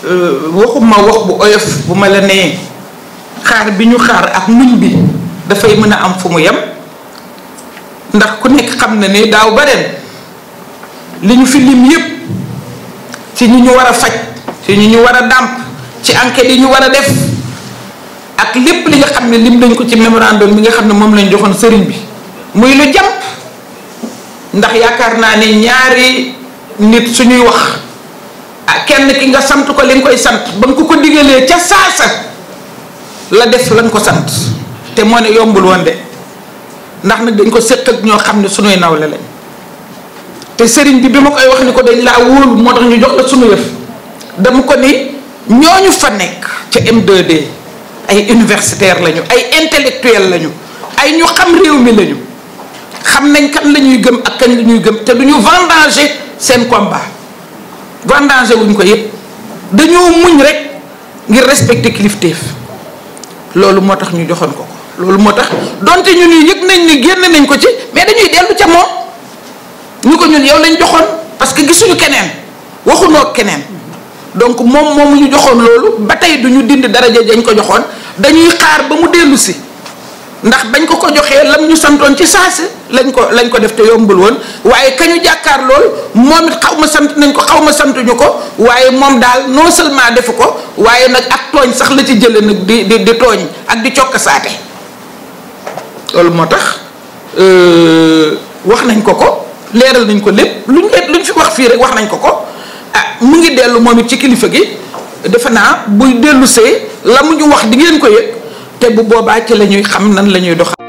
Euh, waxuma wax bu oyof bu ma la nee xaar bi ñu xaar ak muñ bi dafay mën a am fu mu yem ndax ku nekk xam na ne daaw ba ren li ñu fi lim yépp ci ñu ñu war a faj ci ñu ñu war a dàmp ci enquête yi ñu war a def ak lépp li nga xam ne lim dañ ko ci mémorandum bi nga xam ne moom lañ joxoon sëriñ bi muy lu jàmp ndax yaakaar naa ne ñaari nit suñuy wax Ah, kenn ki nga sant ko li nga koy sant ba nga ko ko digalee ca saasa la def la nga ko sant te moo ne yombul woon de ndax nag dañ ko séq ak ñoo xam ne sunuy nawle lañ te sëriñ bi bi ma koy wax ni ko de laa wóolu moo tax ñu jox la sunu yëf dama ko ni ñooñu fa nekk ca m d ay universitaire lañu ay intellectuel lañu ay ñu xam réew mi lañu xam nañ kan la ñuy gëm ak kañ la ñuy gëm te du ñu vendanger seen combat. vendangé wuñ ko yëpp dañoo muñ rek ngir respecter kilifteef loolu moo tax ñu joxoon ko ko loolu moo tax donte ñu ñu yëg nañ ni génn nañ ko ci mais dañuy dellu ca moom ñu ko ñun yow lañ joxoon parce que gisuñu keneen waxunoo keneen donc moom moom ñu joxoon loolu ba tey du ñu dind daraja dañ ko joxoon dañuy xaar ba mu dellu si ndax bañ ko ko joxee lam ñu santoon ci si lañ ko lañ ko def te yombul woon waaye kañu jàkkaar lool moom it xaw ma sant nañ ko xaw ma santuñu ko waaye moom daal non seulement defu ko waaye nag ak tooñ sax la ci jële nag di di di tooñ loolu moo tax euh, wax nañ ko ko leeral nañ ko lépp luñ leen luñ fi wax fii rek wax nañ ko ko ah mu ngi dellu moom it ci kilifa gi defe naa buy dellu see la mu ñu wax di ngeen ko yëg te bu boobaa ci la ñuy xam nan la ñuy doxal